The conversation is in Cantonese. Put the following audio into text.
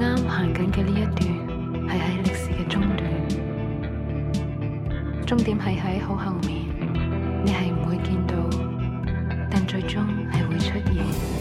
啱行緊嘅呢一段係喺歷史嘅中段，終點係喺好後面，你係唔會見到，但最終係會出現。